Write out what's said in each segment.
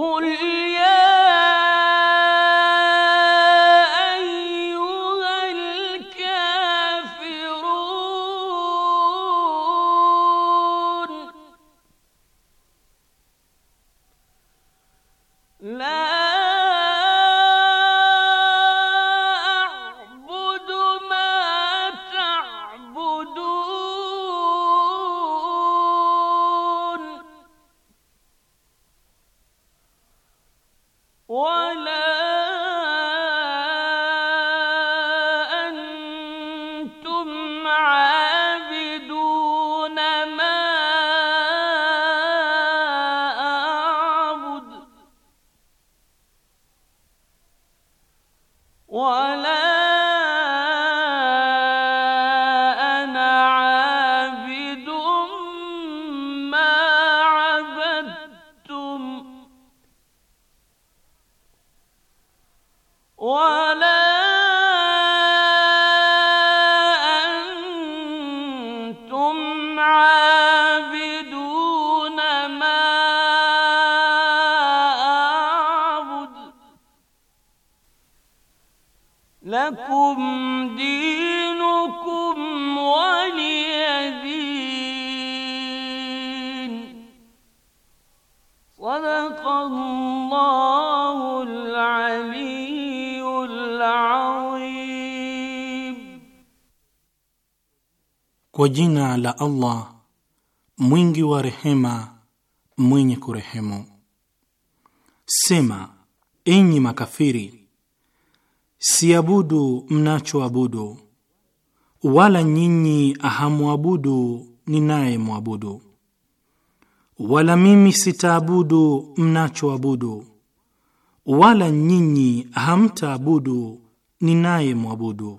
قل Kwa jina la Allah mwingi wa rehema, mwenye kurehemu. Sema, enyi makafiri, siabudu mnachoabudu, wala nyinyi hamwabudu ninaye mwabudu, wala mimi sitaabudu mnachoabudu, wala nyinyi hamtaabudu ninaye mwabudu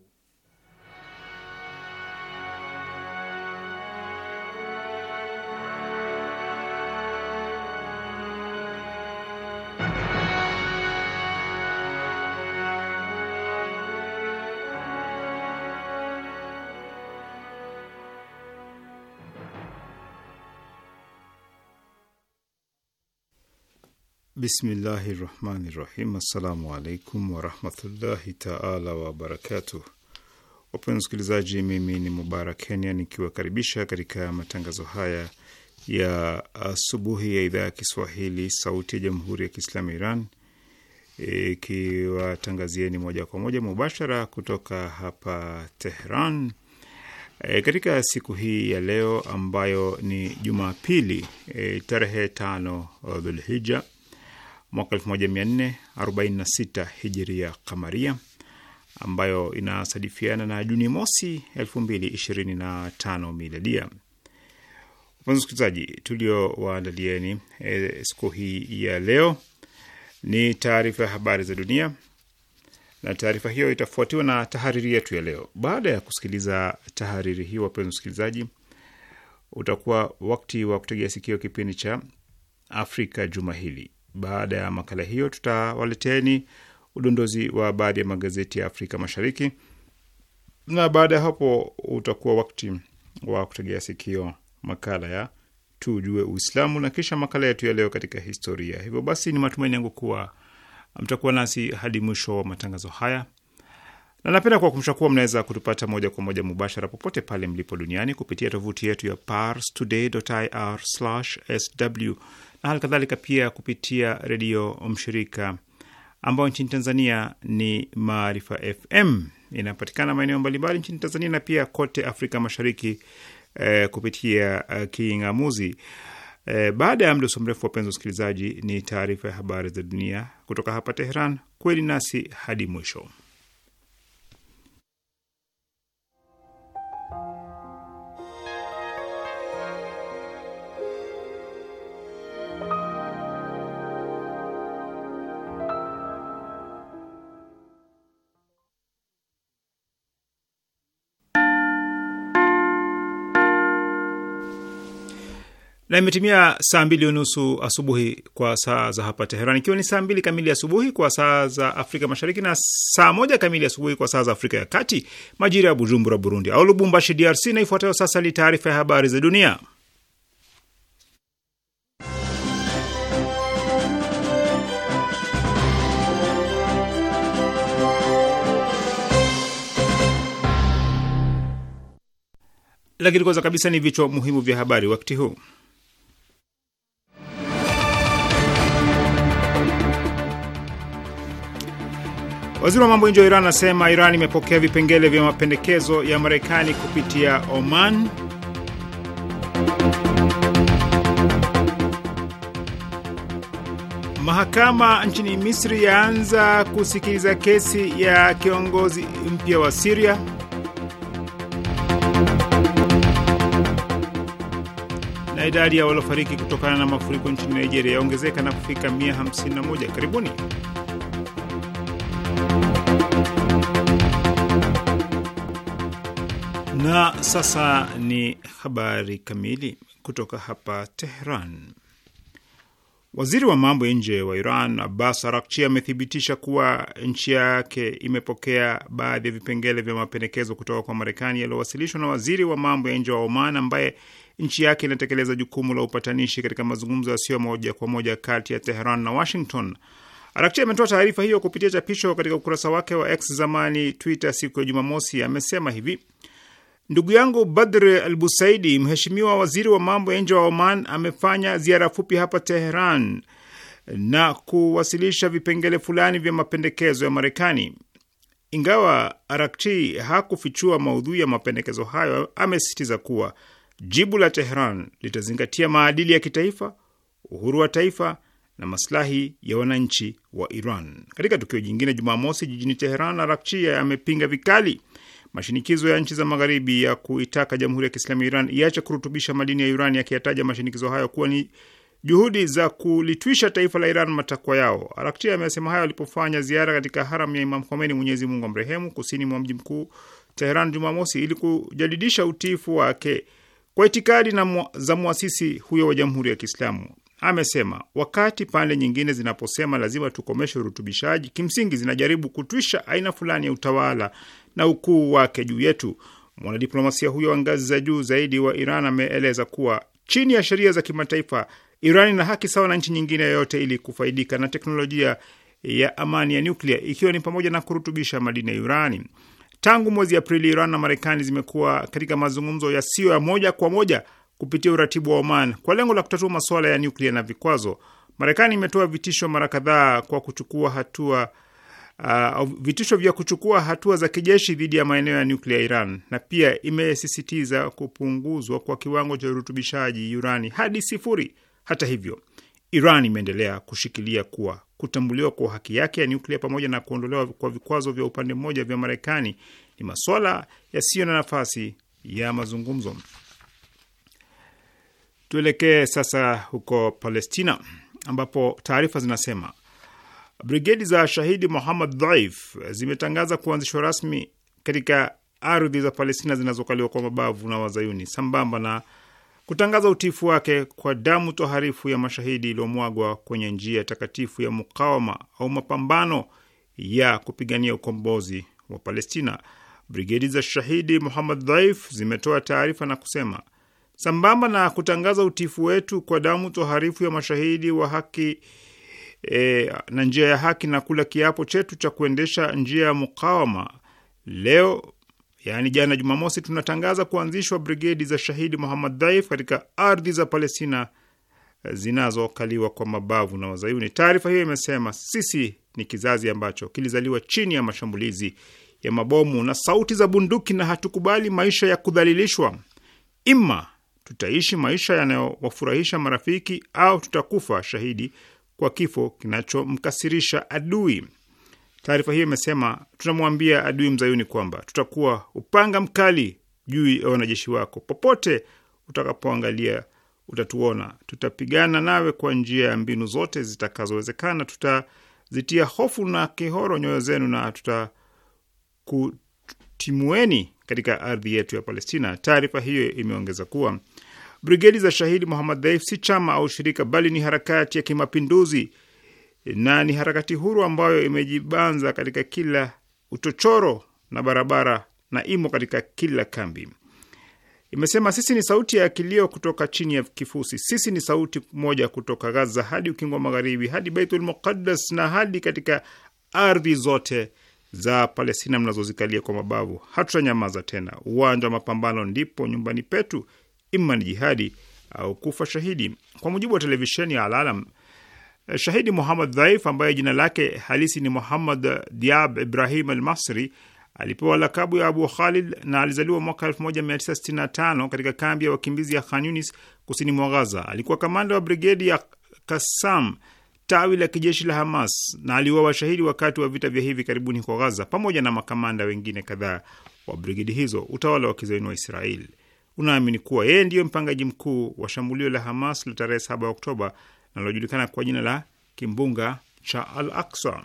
Bismillahi rahmani rahim. Assalamu alaikum warahmatullahi taala wabarakatuh. Wapenzi msikilizaji, mimi ni Mubarak Kenya nikiwakaribisha katika matangazo haya ya asubuhi ya idhaa ya Kiswahili sauti ya jamhuri ya Kiislamu ya Iran ikiwatangazieni e, moja kwa moja mubashara kutoka hapa Tehran e, katika siku hii ya leo ambayo ni Jumapili e, tarehe tano Dhulhija mwaka 1446 hijiria kamaria ambayo inasadifiana na Juni mosi 2025 miladia. Wapenzi wasikilizaji, tuliowaandalieni e, siku hii ya leo ni taarifa ya habari za dunia, na taarifa hiyo itafuatiwa na tahariri yetu ya leo. Baada ya kusikiliza tahariri hii, wapenzi wasikilizaji, utakuwa wakati wa kutegea sikio kipindi cha Afrika Juma Hili. Baada ya makala hiyo, tutawaleteni udondozi wa baadhi ya magazeti ya Afrika Mashariki, na baada ya hapo utakuwa wakati wa kutegea sikio makala ya tujue Uislamu na kisha makala yetu ya leo katika historia. Hivyo basi, ni matumaini yangu kuwa mtakuwa nasi hadi mwisho wa matangazo haya, na napenda kuwakumbusha kuwa mnaweza kutupata moja kwa moja mubashara popote pale mlipo duniani kupitia tovuti yetu ya parstoday.ir/sw na hali kadhalika pia kupitia redio mshirika ambayo nchini Tanzania ni Maarifa FM. Inapatikana maeneo mbalimbali nchini Tanzania na pia kote Afrika Mashariki eh, kupitia eh, king'amuzi. Eh, baada ya mda uso mrefu, wapenzi usikilizaji ni taarifa ya habari za dunia kutoka hapa Teheran. Kweli nasi hadi mwisho. na imetimia saa mbili unusu asubuhi kwa saa za hapa Teheran, ikiwa ni saa mbili kamili asubuhi kwa saa za Afrika Mashariki na saa moja kamili asubuhi kwa saa za Afrika ya Kati, majira ya Bujumbura, Burundi au Lubumbashi, DRC. Na ifuatayo sasa ni taarifa ya habari za dunia, lakini kwanza kabisa ni vichwa muhimu vya habari wakati huu. Waziri wa mambo ya nje wa Iran anasema Iran imepokea vipengele vya mapendekezo ya Marekani kupitia Oman. Mahakama nchini Misri yaanza kusikiliza kesi ya kiongozi mpya wa Siria. Na idadi ya waliofariki kutokana na mafuriko nchini Nigeria yaongezeka na kufika 151. Karibuni. Na sasa ni habari kamili kutoka hapa Tehran. Waziri wa mambo ya nje wa Iran Abbas Arakchi amethibitisha kuwa nchi yake imepokea baadhi ya vipengele vya mapendekezo kutoka kwa Marekani yaliyowasilishwa na waziri wa mambo ya nje wa Oman ambaye nchi yake inatekeleza jukumu la upatanishi katika mazungumzo yasiyo moja kwa moja kati ya Teheran na Washington. Arakchi ametoa taarifa hiyo kupitia chapisho katika ukurasa wake wa X zamani Twitter siku ya Jumamosi. Amesema hivi: Ndugu yangu Badr Al Busaidi, mheshimiwa waziri wa mambo ya nje wa Oman, amefanya ziara fupi hapa Teheran na kuwasilisha vipengele fulani vya mapendekezo ya Marekani. Ingawa Arakchi hakufichua maudhui ya mapendekezo hayo, amesisitiza kuwa jibu la Teheran litazingatia maadili ya kitaifa, uhuru wa taifa na maslahi ya wananchi wa Iran. Katika tukio jingine, Jumamosi jijini Teheran, Arakchi amepinga vikali Mashinikizo ya nchi za magharibi ya kuitaka Jamhuri ya Kiislamu ya Iran iache kurutubisha madini ya iran yakiyataja mashinikizo hayo kuwa ni juhudi za kulitwisha taifa la Iran matakwa yao. Arakti amesema hayo alipofanya ziara katika haram ya Imam Khomeini, Mwenyezi Mungu amrehemu, kusini mwa mji mkuu Teheran Jumamosi, ili kujadidisha utiifu wake kwa itikadi na mwa, za mwasisi huyo wa Jamhuri ya Kiislamu. Amesema wakati pande nyingine zinaposema lazima tukomeshe urutubishaji, kimsingi zinajaribu kutwisha aina fulani ya utawala na ukuu wake juu yetu. Mwanadiplomasia huyo wa ngazi za juu zaidi wa Iran ameeleza kuwa chini ya sheria za kimataifa, Iran ina haki sawa na nchi nyingine yoyote ili kufaidika na teknolojia ya amani ya nyuklia, ikiwa ni pamoja na kurutubisha madini ya urani. Tangu mwezi Aprili, Iran na Marekani zimekuwa katika mazungumzo yasiyo ya moja kwa moja kupitia uratibu wa Oman kwa lengo la kutatua masuala ya nyuklia na vikwazo. Marekani imetoa vitisho mara kadhaa kwa kuchukua hatua uh, vitisho vya kuchukua hatua za kijeshi dhidi ya maeneo ya nuklia ya Iran na pia imesisitiza kupunguzwa kwa kiwango cha urutubishaji urani hadi sifuri. Hata hivyo, Iran imeendelea kushikilia kuwa kutambuliwa kwa haki yake ya nuklia pamoja na kuondolewa kwa vikwazo vya upande mmoja vya Marekani ni masuala yasiyo na nafasi ya mazungumzo. Tuelekee sasa huko Palestina ambapo taarifa zinasema Brigedi za Shahidi Muhammad Dhaif zimetangaza kuanzishwa rasmi katika ardhi za Palestina zinazokaliwa kwa mabavu na Wazayuni, sambamba na kutangaza utiifu wake kwa damu toharifu ya mashahidi iliyomwagwa kwenye njia takatifu ya mukawama au mapambano ya kupigania ukombozi wa Palestina. Brigedi za Shahidi Muhammad Dhaif zimetoa taarifa na kusema, sambamba na kutangaza utiifu wetu kwa damu toharifu ya mashahidi wa haki e, na njia ya haki na kula kiapo chetu cha kuendesha njia ya mukawama. Leo yaani jana Jumamosi, tunatangaza kuanzishwa brigedi za Shahidi Muhammad Dhaif katika ardhi za Palestina zinazokaliwa kwa mabavu na Wazayuni. Taarifa hiyo imesema, sisi ni kizazi ambacho kilizaliwa chini ya mashambulizi ya mabomu na sauti za bunduki, na hatukubali maisha ya kudhalilishwa. Ima tutaishi maisha yanayowafurahisha marafiki au tutakufa shahidi kwa kifo kinachomkasirisha adui. Taarifa hiyo imesema, tunamwambia adui mzayuni kwamba tutakuwa upanga mkali juu ya wanajeshi wako. Popote utakapoangalia utatuona. Tutapigana nawe kwa njia ya mbinu zote zitakazowezekana. Tutazitia hofu na kihoro nyoyo zenu na tutakutimueni katika ardhi yetu ya Palestina. Taarifa hiyo imeongeza kuwa Brigedi za Shahidi Muhammad Dhaif si chama au shirika, bali ni harakati ya kimapinduzi na ni harakati huru ambayo imejibanza katika kila utochoro na barabara na imo katika kila kambi. Imesema sisi ni sauti ya kilio kutoka chini ya kifusi. Sisi ni sauti moja kutoka Gaza hadi ukingo wa magharibi hadi Baitul Muqaddas na hadi katika ardhi zote za Palestina mnazozikalia kwa mabavu. Hatutanyamaza tena. Uwanja wa mapambano ndipo nyumbani petu imma ni jihadi au kufa shahidi. Kwa mujibu wa televisheni ya Alalam, shahidi Muhammad Dhaif ambaye jina lake halisi ni Muhammad Diab Ibrahim al Masri alipewa lakabu ya Abu Khalid na alizaliwa mwaka 1965 katika kambi ya wakimbizi ya Khan Yunis kusini mwa Gaza. Alikuwa kamanda wa brigedi ya Kasam tawi la kijeshi la Hamas na aliuawa shahidi wakati wa vita vya hivi karibuni kwa Gaza pamoja na makamanda wengine kadhaa wa brigedi hizo. Utawala wa kizayuni wa Israeli unaamini kuwa yeye ndiyo mpangaji mkuu wa shambulio la Hamas la tarehe 7 Oktoba linalojulikana kwa jina la kimbunga cha Al Aksa.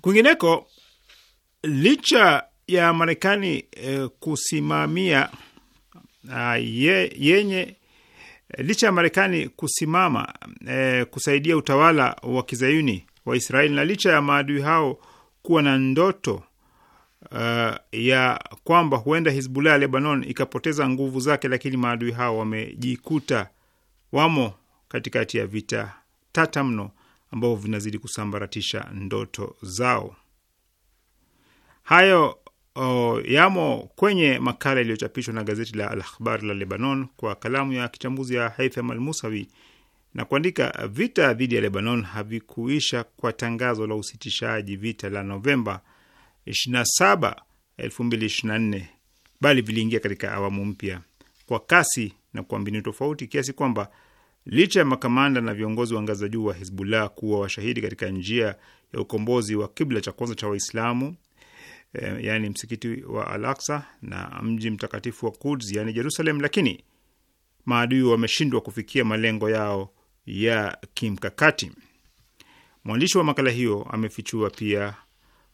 Kwingineko, licha ya Marekani eh, kusimamia uh, ye, yenye licha ya Marekani kusimama eh, kusaidia utawala wa kizayuni wa Israeli na licha ya maadui hao kuwa na ndoto uh, ya kwamba huenda Hizbullah ya Lebanon ikapoteza nguvu zake, lakini maadui hao wamejikuta wamo katikati ya vita tata mno ambavyo vinazidi kusambaratisha ndoto zao. Hayo oh, yamo kwenye makala iliyochapishwa na gazeti la Al-Akhbar la Lebanon kwa kalamu ya kichambuzi ya Haitham Al-Musawi na kuandika, vita dhidi ya Lebanon havikuisha kwa tangazo la usitishaji vita la Novemba 27 2024, bali viliingia katika awamu mpya kwa kasi na kwa mbinu tofauti kiasi kwamba licha ya makamanda na viongozi wa ngazi za juu wa Hizbullah kuwa washahidi katika njia ya ukombozi wa kibla cha kwanza cha Waislamu e, eh, yani msikiti wa Al-Aqsa na mji mtakatifu wa Quds yani Jerusalem, lakini maadui wameshindwa kufikia malengo yao ya kimkakati. Mwandishi wa makala hiyo amefichua pia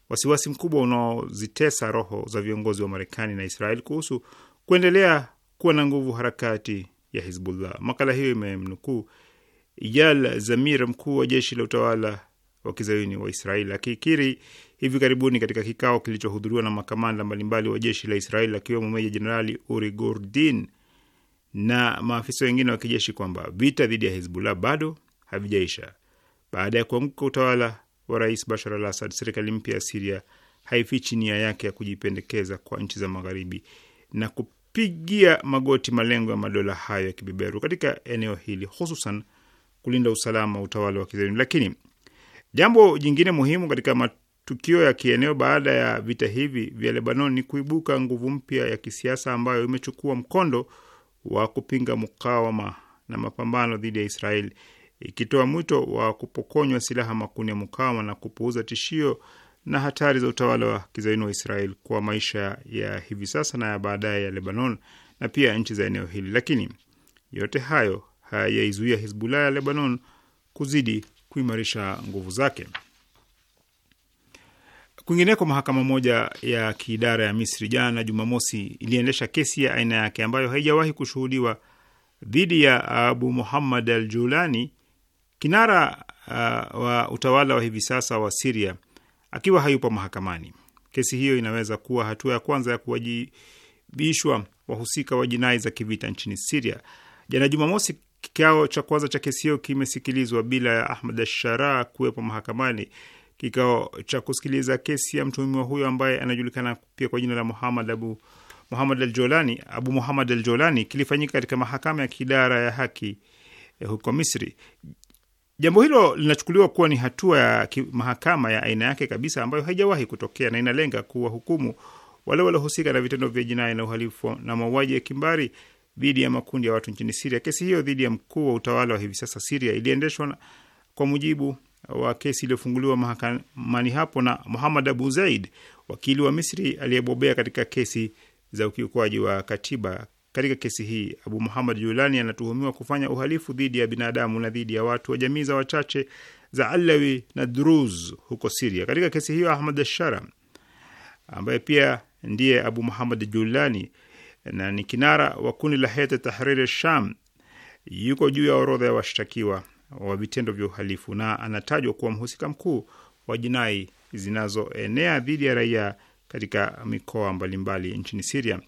wasiwasi mkubwa unaozitesa roho za viongozi wa Marekani na Israel kuhusu kuendelea kuwa na nguvu harakati ya Hizbullah. Makala hiyo imemnukuu Yal Zamir, mkuu wa jeshi la utawala wa kizayuni wa Israel, akikiri hivi karibuni katika kikao kilichohudhuriwa na makamanda mbalimbali wa jeshi la Israel, akiwemo Meja Jenerali Uri Gordin na maafisa wengine wa kijeshi kwamba vita dhidi ya Hizbullah bado havijaisha baada ya kuanguka utawala wa Rais Bashar al Assad, serikali mpya ya Siria haifichi nia yake ya kujipendekeza kwa nchi za Magharibi na kupigia magoti malengo ya madola hayo ya kibeberu katika eneo hili, hususan kulinda usalama wa utawala wa kizayuni. Lakini jambo jingine muhimu katika matukio ya kieneo baada ya vita hivi vya Lebanon ni kuibuka nguvu mpya ya kisiasa ambayo imechukua mkondo wa kupinga mukawama na mapambano dhidi ya Israeli ikitoa mwito wa kupokonywa silaha makundi ya mukawama na kupuuza tishio na hatari za utawala wa kizaini wa Israel kwa maisha ya hivi sasa na ya baadaye ya Lebanon na pia nchi za eneo hili. Lakini yote hayo hayaizuia Hizbullah ya Lebanon kuzidi kuimarisha nguvu zake. Kwingineko, mahakama moja ya kiidara ya Misri jana Jumamosi iliendesha kesi ya aina yake ambayo haijawahi kushuhudiwa dhidi ya Abu Muhammad al Julani Kinara uh, wa utawala wa hivi sasa wa Siria akiwa hayupo mahakamani, kesi hiyo inaweza kuwa hatua ya kwanza ya kuwajibishwa wahusika wa jinai za kivita nchini Siria. Jana Jumamosi, kikao cha kwanza cha kesi hiyo kimesikilizwa bila ya Ahmad Ashara kuwepo mahakamani. Kikao cha kusikiliza kesi ya mtuhumiwa huyo ambaye anajulikana pia kwa jina la Muhamad Abu Muhamad al Jolani, Abu Muhamad al Jolani kilifanyika katika mahakama ya kidara ya haki eh, huko Misri. Jambo hilo linachukuliwa kuwa ni hatua ya mahakama ya aina yake kabisa ambayo haijawahi kutokea na inalenga kuwahukumu wale waliohusika na vitendo vya jinai na uhalifu na mauaji ya kimbari dhidi ya makundi ya watu nchini Siria. Kesi hiyo dhidi ya mkuu wa utawala wa hivi sasa Siria iliendeshwa kwa mujibu wa kesi iliyofunguliwa mahakamani hapo na Muhamad Abu Zaid, wakili wa Misri aliyebobea katika kesi za ukiukwaji wa katiba katika kesi hii, Abu Muhammad Julani anatuhumiwa kufanya uhalifu dhidi ya binadamu na dhidi ya watu wa jamii za wachache za Alawi na Druz huko Siria. Katika kesi hiyo, Ahmad Ashara ambaye pia ndiye Abu Muhammad Julani na ni kinara wa kundi la Hete Tahrir Sham yuko juu ya orodha ya washtakiwa wa vitendo vya uhalifu na anatajwa kuwa mhusika mkuu wa jinai zinazoenea dhidi ya raia katika mikoa mbalimbali nchini Siria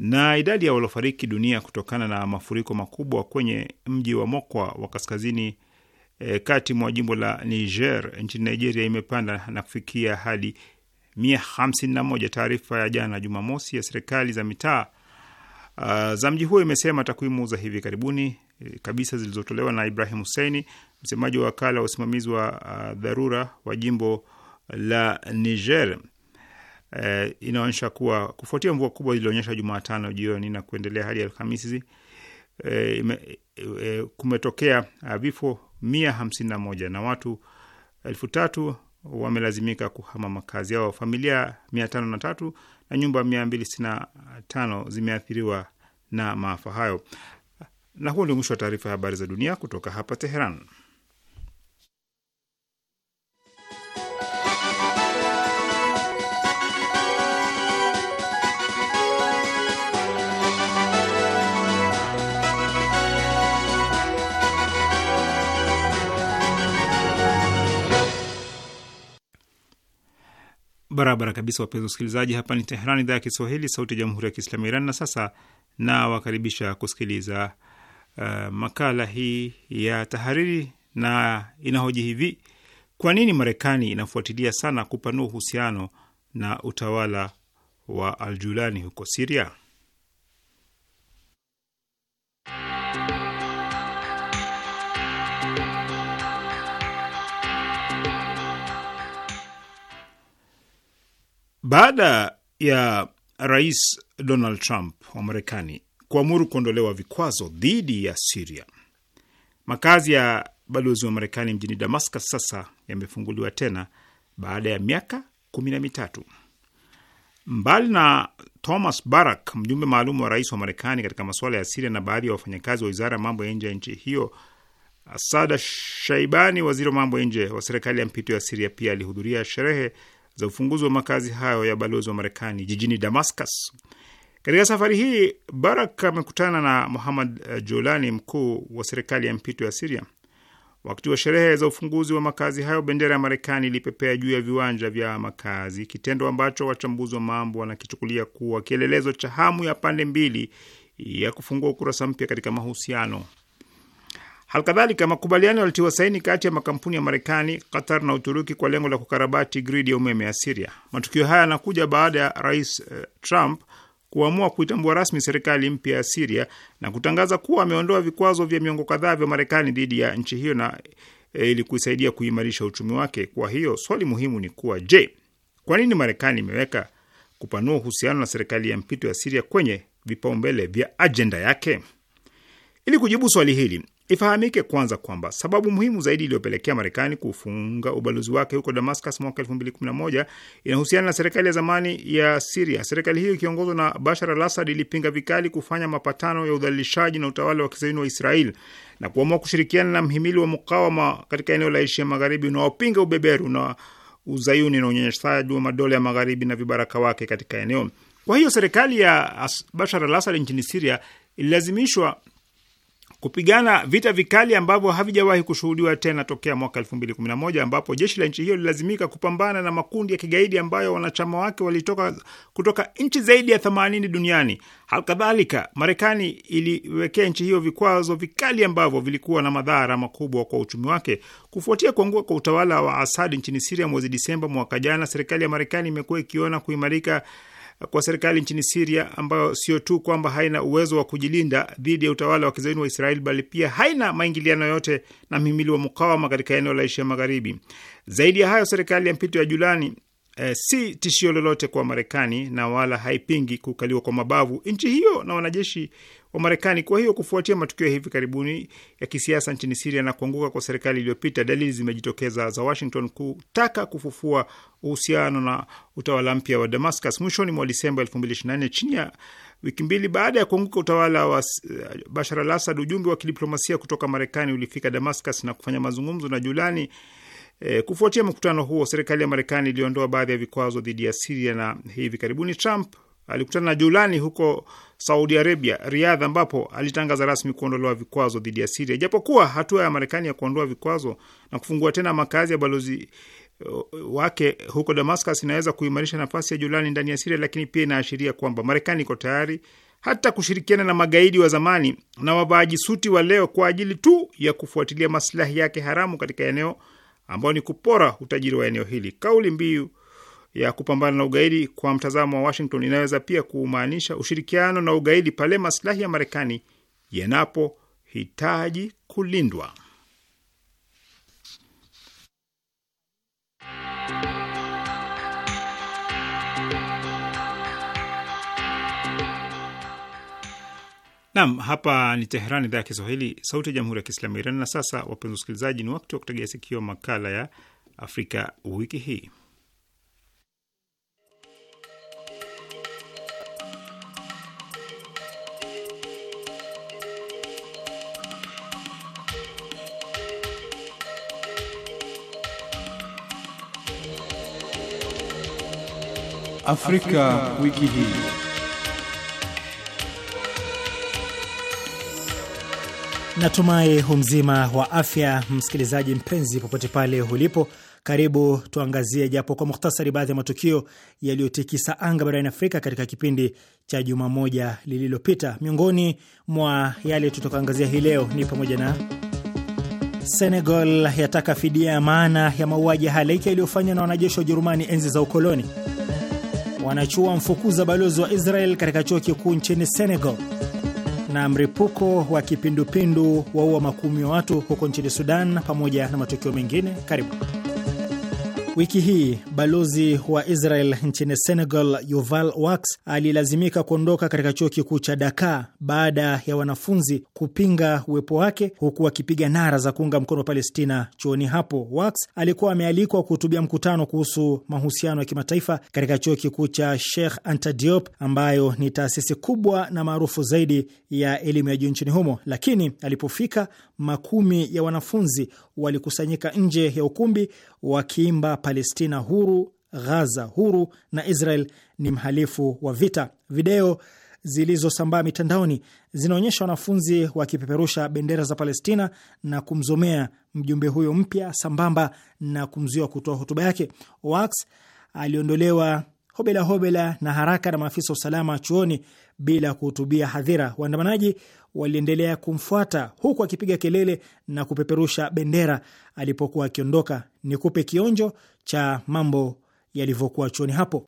na idadi ya waliofariki dunia kutokana na mafuriko makubwa kwenye mji wa Mokwa wa kaskazini e, kati mwa jimbo la Niger nchini Nigeria imepanda na kufikia hadi 151. Taarifa ya jana Jumamosi ya serikali za mitaa uh, za mji huo imesema takwimu za hivi karibuni e, kabisa zilizotolewa na Ibrahim Huseini, msemaji wa wakala wa usimamizi wa uh, dharura wa jimbo la Niger eh, inaonyesha kuwa kufuatia mvua kubwa ilionyesha Jumatano jioni na kuendelea hadi Alhamisi eh, eh, kumetokea ah, vifo mia hamsini na moja na watu elfu tatu wamelazimika kuhama makazi yao. Familia mia tano na tatu na nyumba mia mbili sitini na tano zimeathiriwa na maafa hayo. Na huo ndio mwisho wa taarifa ya habari za dunia kutoka hapa Teheran. barabara kabisa, wapenzi wasikilizaji. Hapa ni Tehran, idhaa ya Kiswahili, sauti ya jamhuri ya kiislamu ya Iran. Na sasa nawakaribisha kusikiliza uh, makala hii ya tahariri na inahoji hivi: kwa nini Marekani inafuatilia sana kupanua uhusiano na utawala wa Aljulani huko Siria? Baada ya Rais Donald Trump wa Marekani kuamuru kuondolewa vikwazo dhidi ya Siria, makazi ya balozi wa Marekani mjini Damascus sasa yamefunguliwa tena baada ya miaka kumi na mitatu. Mbali na Thomas Barak, mjumbe maalum wa rais wa Marekani katika masuala ya Siria, na baadhi ya wafanyakazi wa wizara ya mambo ya nje ya nchi hiyo, Asada Shaibani, waziri wa mambo ya nje wa serikali ya mpito ya Siria, pia alihudhuria sherehe za ufunguzi wa makazi hayo ya balozi wa Marekani jijini Damascus. Katika safari hii, Barak amekutana na Muhamad eh, Jolani, mkuu wa serikali ya mpito ya Siria. Wakati wa sherehe za ufunguzi wa makazi hayo, bendera ya Marekani ilipepea juu ya viwanja vya makazi, kitendo ambacho wachambuzi wa mambo wanakichukulia kuwa kielelezo cha hamu ya pande mbili ya kufungua ukurasa mpya katika mahusiano Halikadhalika, makubaliano yalitiwa saini kati ya makampuni ya Marekani, Qatar na Uturuki kwa lengo la kukarabati gridi ya umeme ya Siria. Matukio haya yanakuja baada ya rais uh, Trump kuamua kuitambua rasmi serikali mpya ya Siria na kutangaza kuwa ameondoa vikwazo vya miongo kadhaa vya Marekani dhidi ya nchi hiyo na e, ili kuisaidia kuimarisha uchumi wake. Kwa hiyo swali muhimu ni kuwa je, kwa nini Marekani imeweka kupanua uhusiano na serikali ya mpito ya Siria kwenye vipaumbele vya ajenda yake? Ili kujibu swali hili Ifahamike kwanza kwamba sababu muhimu zaidi iliyopelekea Marekani kufunga ubalozi wake huko Damascus mwaka 2011 inahusiana na serikali ya zamani ya Siria. Serikali hiyo ikiongozwa na Bashar al Assad ilipinga vikali kufanya mapatano ya udhalilishaji na utawala wa kizayuni wa Israel na kuamua kushirikiana na mhimili wa mukawama katika eneo la Asia Magharibi unaopinga ubeberu na uzayuni na unyanyasaji wa madola ya Magharibi na vibaraka wake katika eneo. Kwa hiyo serikali ya Bashar al Assad nchini Siria ililazimishwa kupigana vita vikali ambavyo havijawahi kushuhudiwa tena tokea mwaka 2011 ambapo jeshi la nchi hiyo lilazimika kupambana na makundi ya kigaidi ambayo wanachama wake walitoka kutoka nchi zaidi ya 80 duniani. Halikadhalika, Marekani iliwekea nchi hiyo vikwazo vikali ambavyo vilikuwa na madhara makubwa kwa uchumi wake. Kufuatia kuanguka kwa utawala wa Asad nchini Siria mwezi Disemba mwaka jana, serikali ya Marekani imekuwa ikiona kuimarika kwa serikali nchini Siria ambayo sio tu kwamba haina uwezo wa kujilinda dhidi ya utawala wa kizayuni wa Israeli bali pia haina maingiliano yote na mhimili wa mukawama katika eneo la Asia Magharibi. Zaidi ya hayo, serikali ya mpito ya Julani eh, si tishio lolote kwa Marekani na wala haipingi kukaliwa kwa mabavu nchi hiyo na wanajeshi wa Marekani. Kwa hiyo kufuatia matukio ya hivi karibuni ya kisiasa nchini Siria na kuanguka kwa serikali iliyopita, dalili zimejitokeza za Washington kutaka kufufua uhusiano na utawala mpya wa Damascus. Mwishoni mwa Disemba 2024 chini ya wiki mbili baada ya kuanguka utawala wa eh, Bashar al Assad, ujumbe wa kidiplomasia kutoka Marekani ulifika Damascus na kufanya mazungumzo na Julani E, kufuatia mkutano huo, serikali ya Marekani iliondoa baadhi ya vikwazo dhidi ya Siria na hivi karibuni Trump alikutana na Julani huko Saudi Arabia, Riadha, ambapo alitangaza rasmi kuondolewa vikwazo dhidi ya Siria, japokuwa hatua ya Marekani ya kuondoa vikwazo na kufungua tena makazi ya balozi eh, wake huko Damascus inaweza kuimarisha nafasi ya Julani ndani ya Siria, lakini pia inaashiria kwamba Marekani iko tayari hata kushirikiana na magaidi wa zamani na wavaaji suti wa leo kwa ajili tu ya kufuatilia maslahi yake haramu katika eneo ambao ni kupora utajiri wa eneo hili. Kauli mbiu ya kupambana na ugaidi kwa mtazamo wa Washington inaweza pia kumaanisha ushirikiano na ugaidi pale maslahi ya Marekani yanapohitaji kulindwa. Nam, hapa ni Teheran, idhaa ya Kiswahili, sauti ya jamhuri ya kiislamu ya Iran. Na sasa, wapenzi wasikilizaji, ni wakati wa kutegea sikio makala ya Afrika wiki hii. Afrika, Afrika wiki hii. Natumai humzima wa afya, msikilizaji mpenzi, popote pale ulipo. Karibu tuangazie japo kwa muhtasari baadhi ya matukio yaliyotikisa anga barani Afrika katika kipindi cha juma moja lililopita. Miongoni mwa yale tutakaangazia hii leo ni pamoja na Senegal yataka fidia ya maana ya mauaji ya halaiki yaliyofanywa na wanajeshi wa Ujerumani enzi za ukoloni, wanachuo mfukuza balozi wa Israel katika chuo kikuu nchini Senegal, na mripuko wa kipindupindu waua makumi wa watu huko nchini Sudan, pamoja na matukio mengine. Karibu. Wiki hii balozi wa Israel nchini Senegal, Yuval Wax, alilazimika kuondoka katika chuo kikuu cha Dakar baada ya wanafunzi kupinga uwepo wake huku akipiga nara za kuunga mkono Palestina chuoni hapo. Wax alikuwa amealikwa kuhutubia mkutano kuhusu mahusiano ya kimataifa katika chuo kikuu cha Sheikh Anta Diop, ambayo ni taasisi kubwa na maarufu zaidi ya elimu ya juu nchini humo, lakini alipofika makumi ya wanafunzi walikusanyika nje ya ukumbi wakiimba Palestina huru, Ghaza huru na Israel ni mhalifu wa vita. Video zilizosambaa mitandaoni zinaonyesha wanafunzi wakipeperusha bendera za Palestina na kumzomea mjumbe huyo mpya, sambamba na kumzuia kutoa hotuba yake. Wax aliondolewa hobela hobela na haraka na maafisa wa usalama chuoni bila kuhutubia hadhira. Waandamanaji waliendelea kumfuata huku akipiga kelele na kupeperusha bendera alipokuwa akiondoka. Ni kupe kionjo cha mambo yalivyokuwa chuoni hapo.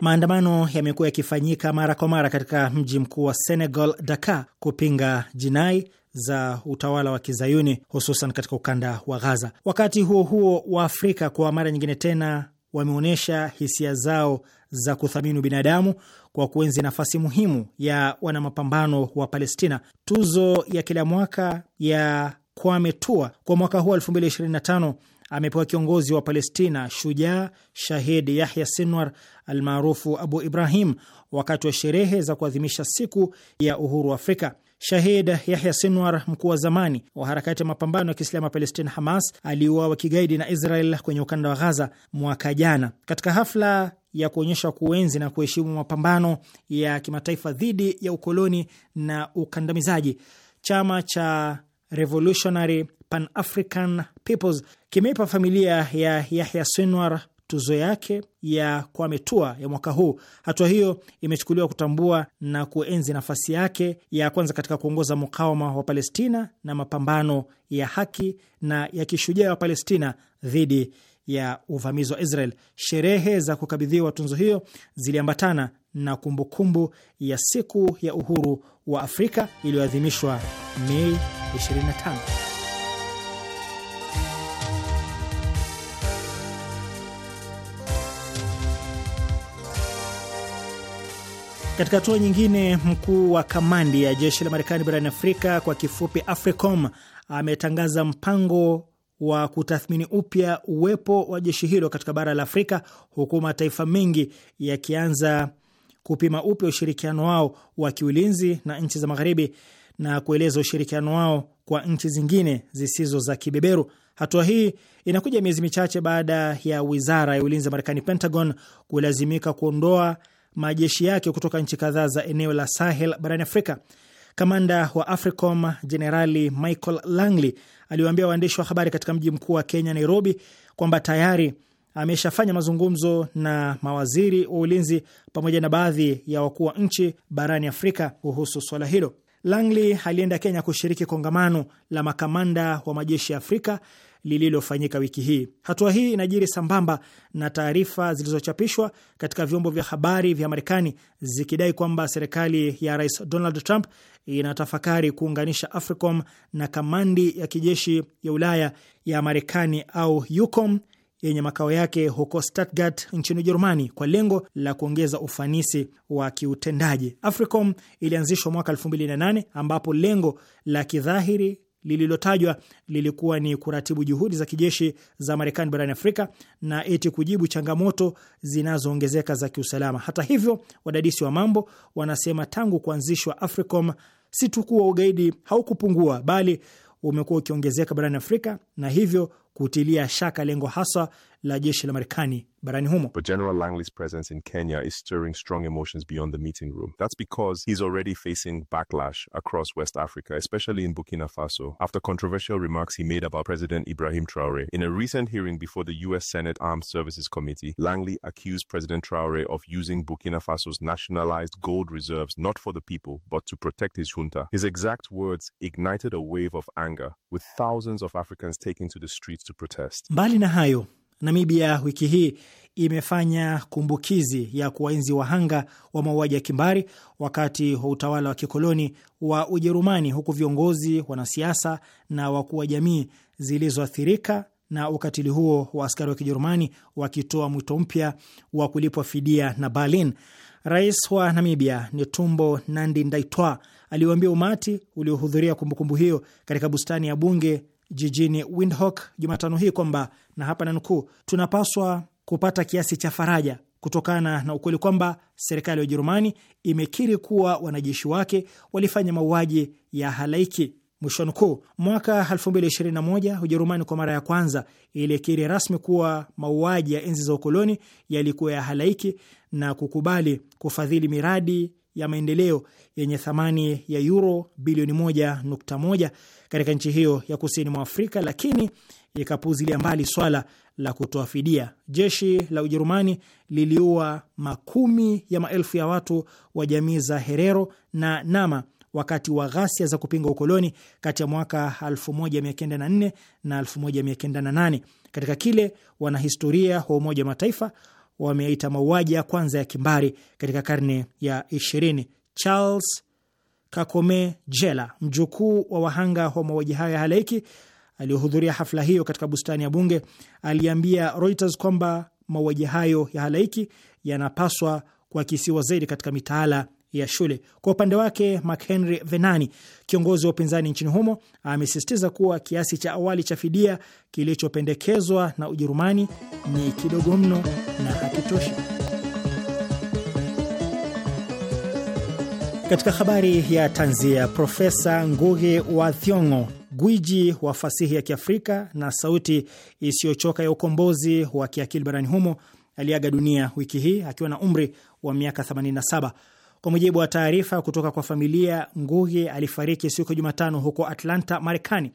Maandamano yamekuwa yakifanyika mara kwa mara katika mji mkuu wa Senegal, Dakar, kupinga jinai za utawala wa kizayuni hususan katika ukanda wa Ghaza. Wakati huo huo, Waafrika kwa mara nyingine tena wameonyesha hisia zao za kuthamini binadamu kwa kuenzi nafasi muhimu ya wanamapambano wa Palestina. Tuzo ya kila mwaka ya Kwame Tua kwa mwaka huu 2025 amepewa kiongozi wa Palestina shujaa Shahid Yahya Sinwar almaarufu Abu Ibrahim wakati wa sherehe za kuadhimisha siku ya uhuru wa Afrika. Shahid Yahya Sinwar, mkuu wa zamani wa harakati ya mapambano ya Kiislamu ya Palestina, Hamas, aliuawa kigaidi na Israel kwenye ukanda wa Ghaza mwaka jana katika hafla ya kuonyesha kuenzi na kuheshimu mapambano ya kimataifa dhidi ya ukoloni na ukandamizaji. Chama cha Revolutionary Pan African Peoples kimeipa familia ya Yahya Sinwar tuzo yake ya Kwame Tua ya mwaka huu. Hatua hiyo imechukuliwa kutambua na kuenzi nafasi yake ya kwanza katika kuongoza mukawama wa Palestina na mapambano ya haki na ya kishujaa wa Palestina dhidi ya uvamizi wa Israel. Sherehe za kukabidhiwa tunzo hiyo ziliambatana na kumbukumbu -kumbu ya siku ya uhuru wa Afrika iliyoadhimishwa Mei 25. Katika hatua nyingine, mkuu wa kamandi ya jeshi la Marekani barani Afrika, kwa kifupi AFRICOM, ametangaza mpango wa kutathmini upya uwepo wa jeshi hilo katika bara la Afrika, huku mataifa mengi yakianza kupima upya ushirikiano wao wa kiulinzi na nchi za Magharibi na kueleza ushirikiano wao kwa nchi zingine zisizo za kibeberu. Hatua hii inakuja miezi michache baada ya wizara ya ulinzi ya Marekani, Pentagon, kulazimika kuondoa majeshi yake kutoka nchi kadhaa za eneo la Sahel barani Afrika. Kamanda wa AFRICOM Jenerali Michael Langley aliwaambia waandishi wa habari katika mji mkuu wa Kenya, Nairobi, kwamba tayari ameshafanya mazungumzo na mawaziri wa ulinzi pamoja na baadhi ya wakuu wa nchi barani Afrika kuhusu swala hilo. Langley alienda Kenya kushiriki kongamano la makamanda wa majeshi ya Afrika lililofanyika wiki hii. Hatua hii inajiri sambamba na taarifa zilizochapishwa katika vyombo vya habari vya Marekani zikidai kwamba serikali ya Rais Donald Trump inatafakari kuunganisha AFRICOM na kamandi ya kijeshi ya Ulaya ya Marekani au EUCOM yenye makao yake huko Stuttgart nchini Ujerumani kwa lengo la kuongeza ufanisi wa kiutendaji. AFRICOM ilianzishwa mwaka 2008 ambapo lengo la kidhahiri lililotajwa lilikuwa ni kuratibu juhudi za kijeshi za Marekani barani Afrika na eti kujibu changamoto zinazoongezeka za kiusalama. Hata hivyo, wadadisi wa mambo wanasema tangu kuanzishwa AFRICOM si tu kuwa ugaidi haukupungua, bali umekuwa ukiongezeka barani Afrika na hivyo kutilia shaka lengo haswa la jeshi la Marekani barani humo. But General Langley's presence in Kenya is stirring strong emotions beyond the meeting room. That's because he's already facing backlash across West Africa, especially in Burkina Faso, after controversial remarks he made about President Ibrahim Traore. In a recent hearing before the U.S. Senate Armed Services Committee, Langley accused President Traore of using Burkina Faso's nationalized gold reserves not for the people, but to protect his junta. His exact words ignited a wave of anger, with thousands of Africans taking to the streets to protest. Mbali na hayo Namibia wiki hii imefanya kumbukizi ya kuwaenzi wahanga wa mauaji ya kimbari wakati wa utawala wa kikoloni wa Ujerumani, huku viongozi, wanasiasa na wakuu wa jamii zilizoathirika na ukatili huo wa askari wa Kijerumani wakitoa mwito mpya wa kulipwa fidia na Berlin. Rais wa Namibia Netumbo Nandi Ndaitwa aliwaambia umati uliohudhuria kumbukumbu hiyo katika bustani ya bunge jijini Windhoek Jumatano hii kwamba na hapa nanukuu, tunapaswa kupata kiasi cha faraja kutokana na ukweli kwamba serikali ya Ujerumani imekiri kuwa wanajeshi wake walifanya mauaji ya halaiki, mwisho nukuu. Mwaka 2021 Ujerumani kwa mara ya kwanza ilikiri rasmi kuwa mauaji ya enzi za ukoloni yalikuwa ya halaiki na kukubali kufadhili miradi ya maendeleo yenye thamani ya euro bilioni moja katika nchi hiyo ya kusini mwa Afrika, lakini ikapuzilia mbali swala la kutoa fidia. Jeshi la Ujerumani liliua makumi ya maelfu ya watu wa jamii za Herero na Nama wakati wa ghasia za kupinga ukoloni kati ya mwaka 1904 na 1908 katika kile wanahistoria wa Umoja wa Mataifa wameita mauaji ya kwanza ya kimbari katika karne ya ishirini. Charles Kakome Jela, mjukuu wa wahanga wa mauaji hayo ya halaiki, aliyohudhuria hafla hiyo katika bustani ya bunge, aliambia Reuters kwamba mauaji hayo ya halaiki yanapaswa kuakisiwa zaidi katika mitaala ya shule. Kwa upande wake, McHenry Venani, kiongozi wa upinzani nchini humo, amesisitiza kuwa kiasi cha awali cha fidia kilichopendekezwa na Ujerumani ni kidogo mno na hakitoshi. Katika habari ya tanzia, Profesa Ngugi wa Thiong'o, gwiji wa fasihi ya Kiafrika na sauti isiyochoka ya ukombozi wa kiakili barani humo, aliaga dunia wiki hii akiwa na umri wa miaka 87. Kwa mujibu wa taarifa kutoka kwa familia, nguge alifariki siku ya Jumatano huko Atlanta, Marekani.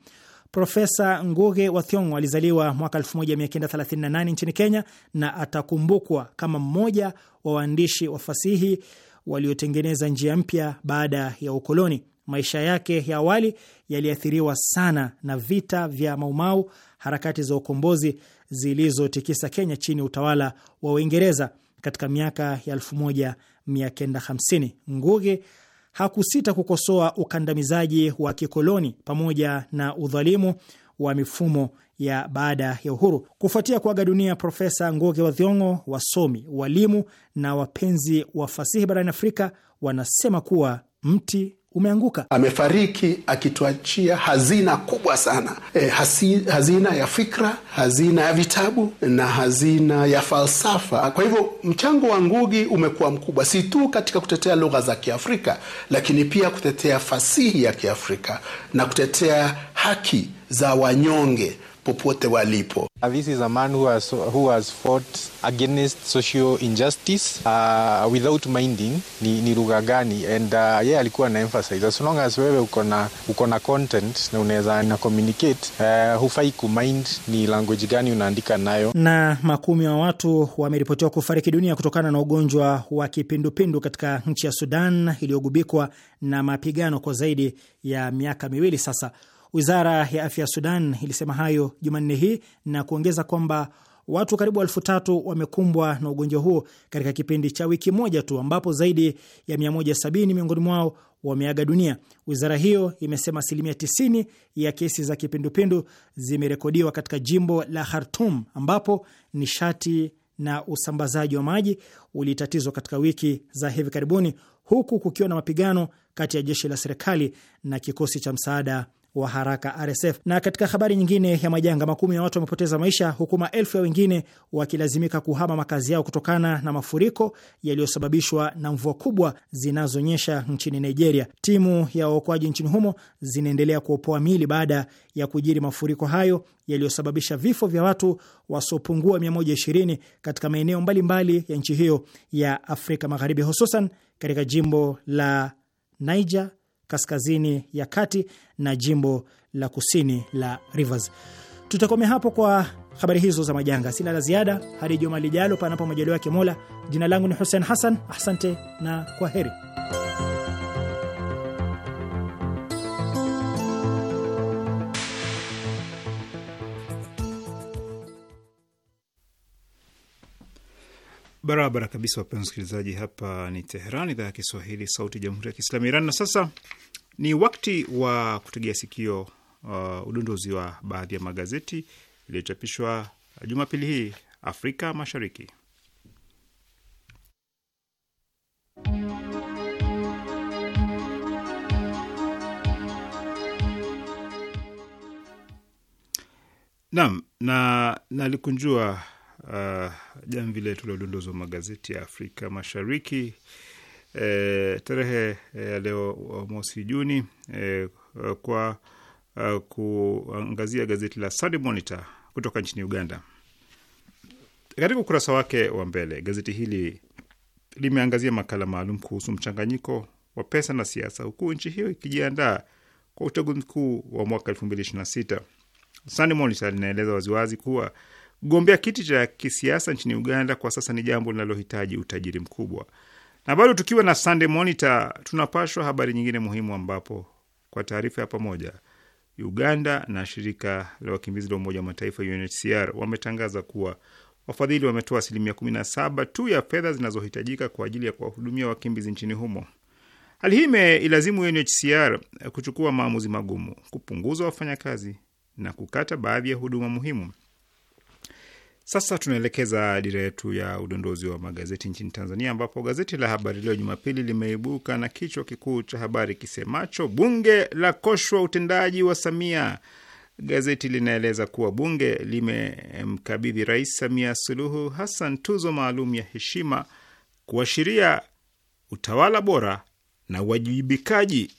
Profesa nguge wa alizaliwa mwaka 1938 nchini Kenya na atakumbukwa kama mmoja wa waandishi wa fasihi waliotengeneza njia mpya baada ya ukoloni. Maisha yake ya awali yaliathiriwa sana na vita vya Maumau, harakati za ukombozi zilizotikisa Kenya chini ya utawala wa Uingereza katika miaka ya 19 1950. Nguge hakusita kukosoa ukandamizaji wa kikoloni pamoja na udhalimu wa mifumo ya baada ya uhuru. Kufuatia kuaga dunia Profesa ngoge wa Thiong'o, wasomi, walimu na wapenzi wa fasihi barani Afrika wanasema kuwa mti umeanguka. Amefariki akituachia hazina kubwa sana e, hasi, hazina ya fikra, hazina ya vitabu na hazina ya falsafa. Kwa hivyo mchango wa Ngugi umekuwa mkubwa, si tu katika kutetea lugha za Kiafrika, lakini pia kutetea fasihi ya Kiafrika na kutetea haki za wanyonge popote walipo. This is a man who has, who has fought against social injustice uh, without minding ni, ni lugha gani and uh, yeye yeah, alikuwa na emphasize as long as wewe uko na uko na content na unaweza na communicate uh, hufai kumind ni language gani unaandika nayo. Na makumi wa watu wameripotiwa kufariki dunia kutokana na ugonjwa wa kipindupindu katika nchi ya Sudan iliyogubikwa na mapigano kwa zaidi ya miaka miwili sasa. Wizara ya afya ya Sudan ilisema hayo Jumanne hii na kuongeza kwamba watu karibu elfu tatu wamekumbwa na ugonjwa huo katika kipindi cha wiki moja tu, ambapo zaidi ya 170 miongoni mwao wameaga dunia. Wizara hiyo imesema asilimia 90 ya kesi za kipindupindu zimerekodiwa katika jimbo la Khartum, ambapo nishati na usambazaji wa maji ulitatizwa katika wiki za hivi karibuni, huku kukiwa na mapigano kati ya jeshi la serikali na kikosi cha msaada wa haraka RSF. Na katika habari nyingine ya majanga, makumi ya watu wamepoteza maisha huku maelfu ya wengine wakilazimika kuhama makazi yao kutokana na mafuriko yaliyosababishwa na mvua kubwa zinazonyesha nchini Nigeria. Timu ya waokoaji nchini humo zinaendelea kuopoa mili baada ya kujiri mafuriko hayo yaliyosababisha vifo vya watu wasiopungua 120 katika maeneo mbalimbali ya nchi hiyo ya Afrika Magharibi, hususan katika jimbo la Niger kaskazini ya kati na jimbo la kusini la Rivers. Tutakomea hapo kwa habari hizo za majanga. Sina la ziada hadi juma lijalo, panapo majaliwa yake Mola. Jina langu ni Hussein Hassan, asante na kwa heri. Barabara kabisa, wapenzi wasikilizaji, hapa ni Teheran, idhaa ya Kiswahili, sauti ya jamhuri ya kiislamu Iran. Na sasa ni wakati wa kutegea sikio uh, udondozi wa baadhi ya magazeti yaliyochapishwa Jumapili hii Afrika Mashariki. Naam, na nalikunjua Uh, jamvi uh, letu la udondozi wa magazeti ya Afrika Mashariki e, tarehe eh, ya leo mosi Juni e, kwa uh, kuangazia gazeti la Sunday Monitor kutoka nchini Uganda. Katika ukurasa wake wa mbele, gazeti hili limeangazia makala maalum kuhusu mchanganyiko wa pesa na siasa, huku nchi hiyo ikijiandaa kwa uchaguzi mkuu wa mwaka 2026. Sunday Monitor linaeleza waziwazi kuwa kugombea kiti cha kisiasa nchini Uganda kwa sasa ni jambo linalohitaji utajiri mkubwa. Na bado tukiwa na Sunday Monitor, tunapashwa habari nyingine muhimu, ambapo kwa taarifa ya pamoja Uganda na shirika la wakimbizi la Umoja wa Mataifa UNHCR wametangaza kuwa wafadhili wametoa asilimia 17 tu ya fedha zinazohitajika kwa ajili ya kuwahudumia wakimbizi nchini humo. Hali hii imeilazimu UNHCR kuchukua maamuzi magumu, kupunguza wafanyakazi na kukata baadhi ya huduma muhimu. Sasa tunaelekeza dira yetu ya udondozi wa magazeti nchini Tanzania, ambapo gazeti la Habari Leo Jumapili limeibuka na kichwa kikuu cha habari kisemacho bunge la koshwa utendaji wa Samia. Gazeti linaeleza kuwa bunge limemkabidhi Rais Samia Suluhu Hassan tuzo maalum ya heshima kuashiria utawala bora na uwajibikaji.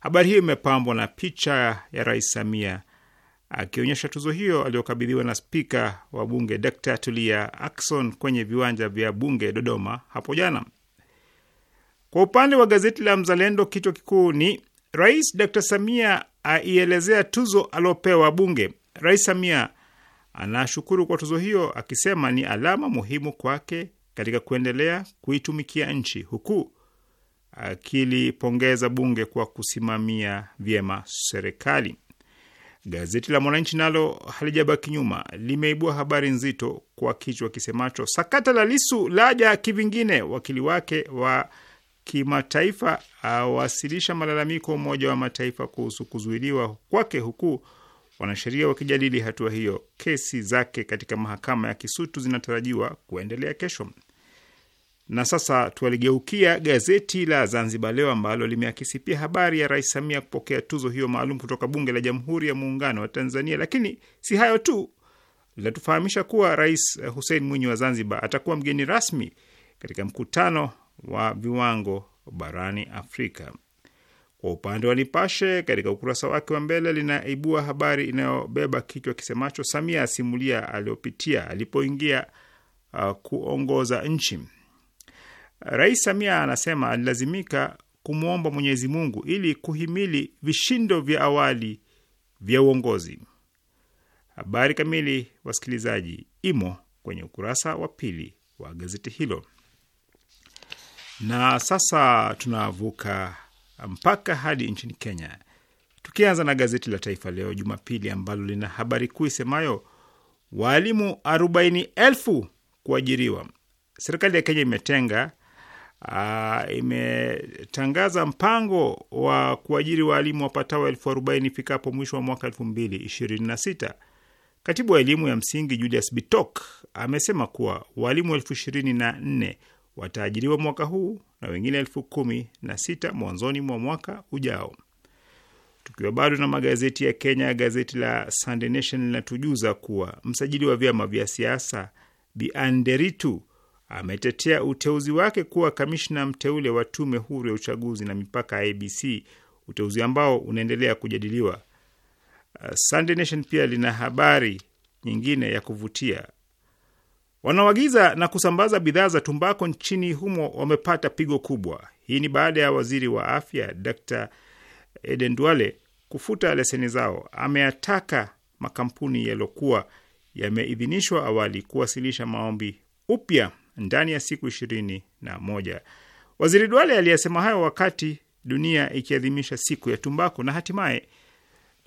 Habari hiyo imepambwa na picha ya Rais Samia akionyesha tuzo hiyo aliyokabidhiwa na spika wa bunge Dkt. Tulia Akson kwenye viwanja vya bunge Dodoma hapo jana. Kwa upande wa gazeti la Mzalendo, kichwa kikuu ni Rais Dkt. Samia aielezea tuzo aliopewa bunge. Rais Samia anashukuru kwa tuzo hiyo akisema ni alama muhimu kwake katika kuendelea kuitumikia nchi, huku akilipongeza bunge kwa kusimamia vyema serikali. Gazeti la Mwananchi nalo halijabaki nyuma, limeibua habari nzito kwa kichwa kisemacho sakata la Lisu laja kivingine, wakili wake wa kimataifa awasilisha malalamiko Umoja wa Mataifa kuhusu kuzuiliwa kwake, huku wanasheria wakijadili hatua hiyo. Kesi zake katika mahakama ya Kisutu zinatarajiwa kuendelea kesho. Na sasa tualigeukia gazeti la Zanzibar Leo ambalo limeakisi pia habari ya Rais Samia kupokea tuzo hiyo maalum kutoka Bunge la Jamhuri ya Muungano wa Tanzania. Lakini si hayo tu, linatufahamisha kuwa Rais Hussein Mwinyi wa Zanzibar atakuwa mgeni rasmi katika mkutano wa viwango barani Afrika. Kwa upande wa Nipashe, katika ukurasa wake wa mbele linaibua habari inayobeba kichwa kisemacho Samia asimulia aliyopitia alipoingia uh, kuongoza nchi. Rais Samia anasema alilazimika kumwomba Mwenyezi Mungu ili kuhimili vishindo vya awali vya uongozi. Habari kamili, wasikilizaji, imo kwenye ukurasa wa pili wa gazeti hilo. Na sasa tunavuka mpaka hadi nchini Kenya, tukianza na gazeti la Taifa Leo Jumapili ambalo lina habari kuu isemayo waalimu 40,000 kuajiriwa. Serikali ya Kenya imetenga uh, imetangaza mpango wa kuajiri waalimu wapatao elfu arobaini ifikapo mwisho wa mwaka elfu mbili ishirini na sita. Katibu wa elimu ya msingi Julius Bitok amesema kuwa waalimu elfu ishirini na nne wataajiriwa mwaka huu na wengine elfu kumi na sita mwanzoni mwa mwaka ujao. Tukiwa bado na magazeti ya Kenya, gazeti la Sunday Nation linatujuza kuwa msajili wa vyama vya siasa Bi ametetea uteuzi wake kuwa kamishna mteule wa tume huru ya uchaguzi na mipaka abc uteuzi ambao unaendelea kujadiliwa. Uh, Sunday Nation pia lina habari nyingine ya kuvutia. Wanaoagiza na kusambaza bidhaa za tumbako nchini humo wamepata pigo kubwa. Hii ni baada ya waziri wa afya Dr Eden Duale kufuta leseni zao. Ameyataka makampuni yaliyokuwa yameidhinishwa awali kuwasilisha maombi upya ndani ya siku ishirini na moja. Waziri Duale aliyesema hayo wakati dunia ikiadhimisha siku ya tumbaku. Na hatimaye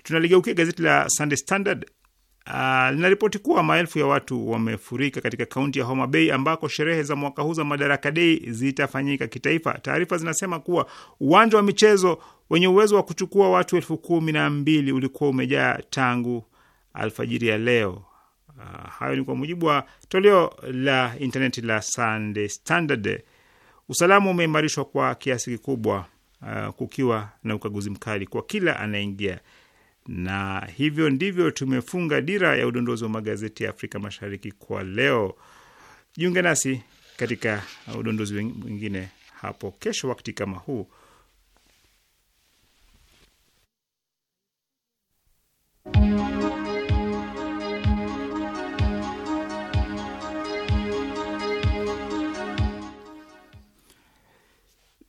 tunaligeukia gazeti la Sunday Standard uh, linaripoti uh, kuwa maelfu ya watu wamefurika katika kaunti ya Homa Bay ambako sherehe za mwaka huu za Madaraka Day zitafanyika kitaifa. Taarifa zinasema kuwa uwanja wa michezo wenye uwezo wa kuchukua watu elfu kumi na mbili ulikuwa umejaa tangu alfajiri ya leo. Ah, hayo ni kwa mujibu wa toleo la intaneti la Sunday Standard. Usalama umeimarishwa kwa kiasi kikubwa, uh, kukiwa na ukaguzi mkali kwa kila anaingia na hivyo ndivyo tumefunga dira ya udondozi wa magazeti ya Afrika Mashariki kwa leo. Jiunge nasi katika udondozi wengine hapo kesho wakati kama huu.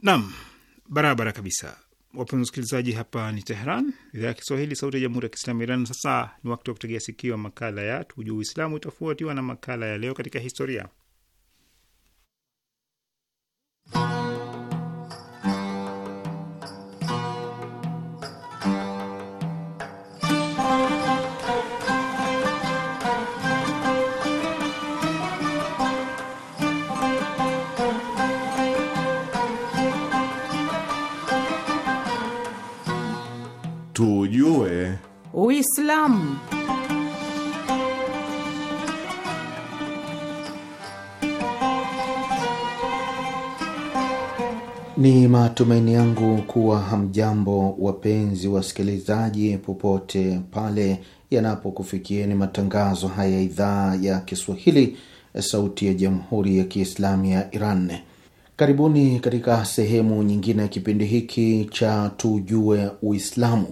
Naam, barabara kabisa. Wapenzi wasikilizaji, hapa ni Tehran, idhaa ya Kiswahili, sauti ya jamhuri ya kiislamu Iran. Sasa ni wakati wa kutegea sikio makala ya tujuu Uislamu, itafuatiwa na makala ya leo katika historia Uislamu. Ni matumaini yangu kuwa hamjambo, wapenzi wasikilizaji, popote pale yanapokufikieni matangazo haya idhaa ya Kiswahili, sauti ya jamhuri ya kiislamu ya Iran. Karibuni katika sehemu nyingine ya kipindi hiki cha tujue Uislamu.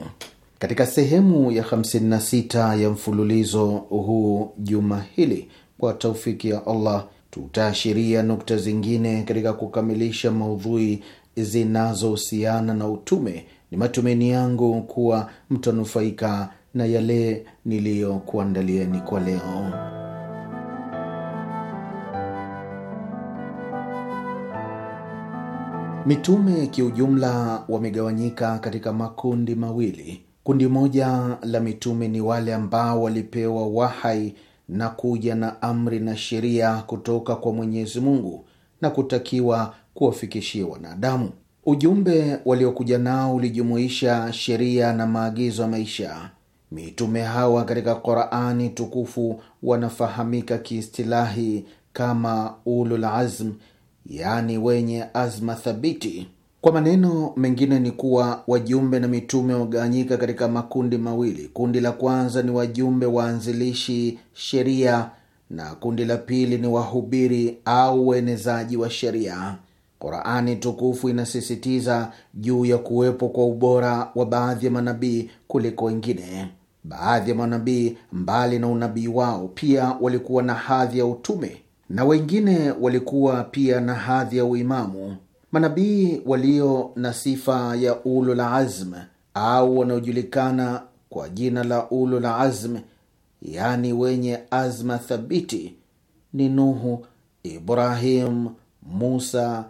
Katika sehemu ya 56 ya mfululizo huu juma hili, kwa taufiki ya Allah, tutaashiria nukta zingine katika kukamilisha maudhui zinazohusiana na utume. Ni matumaini yangu kuwa mtanufaika na yale niliyokuandalieni kwa leo. Mitume kiujumla wamegawanyika katika makundi mawili. Kundi moja la mitume ni wale ambao walipewa wahai na kuja na amri na sheria kutoka kwa Mwenyezi Mungu na kutakiwa kuwafikishia wanadamu. Ujumbe waliokuja nao ulijumuisha sheria na maagizo ya maisha. Mitume hawa katika Qurani tukufu wanafahamika kiistilahi kama ulul azm, yaani wenye azma thabiti. Kwa maneno mengine ni kuwa wajumbe na mitume wamegawanyika katika makundi mawili. Kundi la kwanza ni wajumbe waanzilishi sheria na kundi la pili ni wahubiri au uenezaji wa sheria. Qurani tukufu inasisitiza juu ya kuwepo kwa ubora wa baadhi ya manabii kuliko wengine. Baadhi ya manabii, mbali na unabii wao, pia walikuwa na hadhi ya utume na wengine walikuwa pia na hadhi ya uimamu. Manabii walio na sifa ya ulul azm au wanaojulikana kwa jina la ulul azm, yaani wenye azma thabiti, ni Nuhu, Ibrahim, Musa,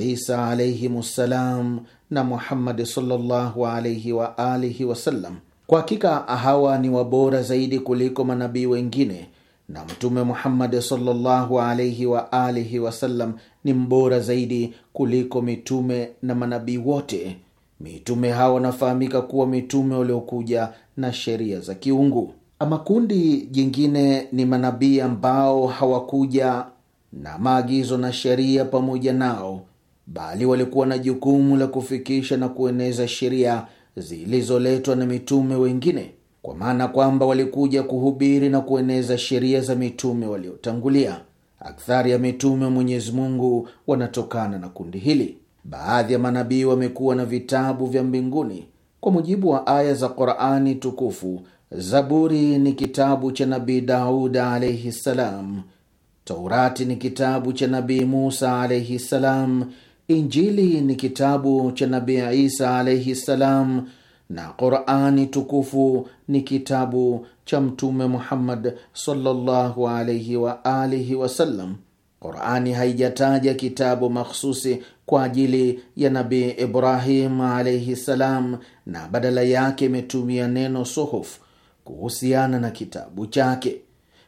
Isa alaihim ssalam na Muhammadi sallallahu alaihi wa alihi wasallam. Kwa hakika hawa ni wabora zaidi kuliko manabii wengine na Mtume Muhammad sallallahu alaihi wa alihi wasallam ni mbora zaidi kuliko mitume na manabii wote. Mitume hao wanafahamika kuwa mitume waliokuja na sheria za kiungu. Ama kundi jingine ni manabii ambao hawakuja na maagizo na sheria pamoja nao, bali walikuwa na jukumu la kufikisha na kueneza sheria zilizoletwa na mitume wengine kwa maana kwamba walikuja kuhubiri na kueneza sheria za mitume waliotangulia. Akthari ya mitume wa Mwenyezi Mungu wanatokana na kundi hili. Baadhi ya manabii wamekuwa na vitabu vya mbinguni kwa mujibu wa aya za Qurani Tukufu. Zaburi ni kitabu cha Nabii Dauda alaihi ssalam, Taurati ni kitabu cha Nabii Musa alaihi ssalam, Injili ni kitabu cha Nabii Isa alaihi ssalam na Qurani tukufu ni kitabu cha Mtume Muhammad sallallahu alaihi wa alihi wasallam. Qurani haijataja kitabu makhususi kwa ajili ya nabi Ibrahim alaihi salam, na badala yake imetumia neno suhuf kuhusiana na kitabu chake.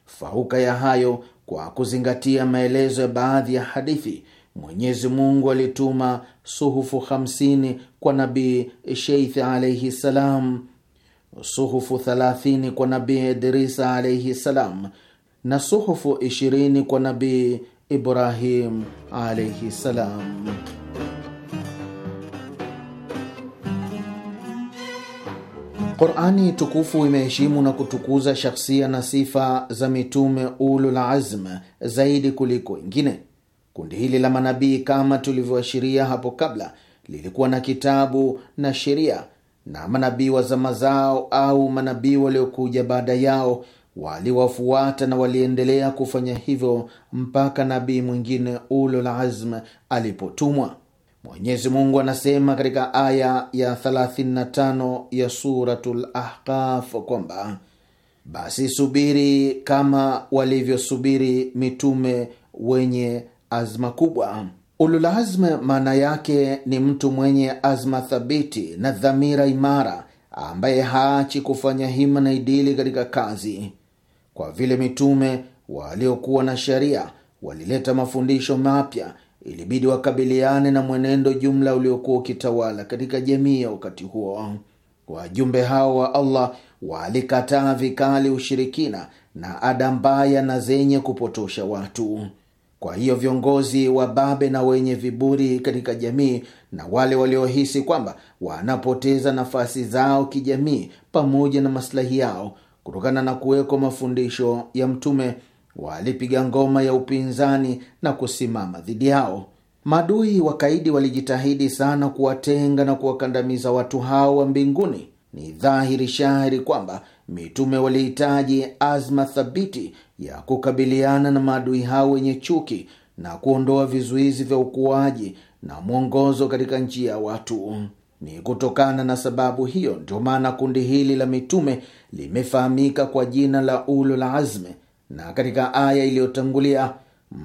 Fauka ya hayo, kwa kuzingatia maelezo ya baadhi ya hadithi Mwenyezi Mungu alituma suhufu 50 kwa Nabii Sheith alaihi salam, suhufu 30 kwa Nabii Idrisa alaihi salam na suhufu 20 kwa Nabii Ibrahim alaihi salam. Qurani tukufu imeheshimu na kutukuza shakhsia na sifa za mitume ulul azm zaidi kuliko wengine. Kundi hili la manabii kama tulivyoashiria hapo kabla lilikuwa na kitabu na sheria, na manabii wa zama zao au manabii waliokuja baada yao waliwafuata na waliendelea kufanya hivyo mpaka nabii mwingine ulul azm alipotumwa. Mwenyezi Mungu anasema katika aya ya 35 ya Suratul Ahqaf kwamba basi subiri kama walivyosubiri mitume wenye azma kubwa. Ululazma maana yake ni mtu mwenye azma thabiti na dhamira imara, ambaye haachi kufanya hima na idili katika kazi, kwa vile mitume waliokuwa na sheria walileta mafundisho mapya ilibidi wakabiliane na mwenendo jumla uliokuwa ukitawala katika jamii ya wakati huo. Wajumbe hao wa Allah walikataa vikali ushirikina na ada mbaya na zenye kupotosha watu. Kwa hiyo viongozi wa babe na wenye viburi katika jamii na wale waliohisi kwamba wanapoteza nafasi zao kijamii pamoja na masilahi yao kutokana na kuwekwa mafundisho ya Mtume walipiga ngoma ya upinzani na kusimama dhidi yao. Maadui wakaidi walijitahidi sana kuwatenga na kuwakandamiza watu hao wa mbinguni. Ni dhahiri shahiri kwamba mitume walihitaji azma thabiti ya kukabiliana na maadui hao wenye chuki na kuondoa vizuizi vya ukuaji na mwongozo katika njia ya watu. Ni kutokana na sababu hiyo ndio maana kundi hili la mitume limefahamika kwa jina la Ulul azme, na katika aya iliyotangulia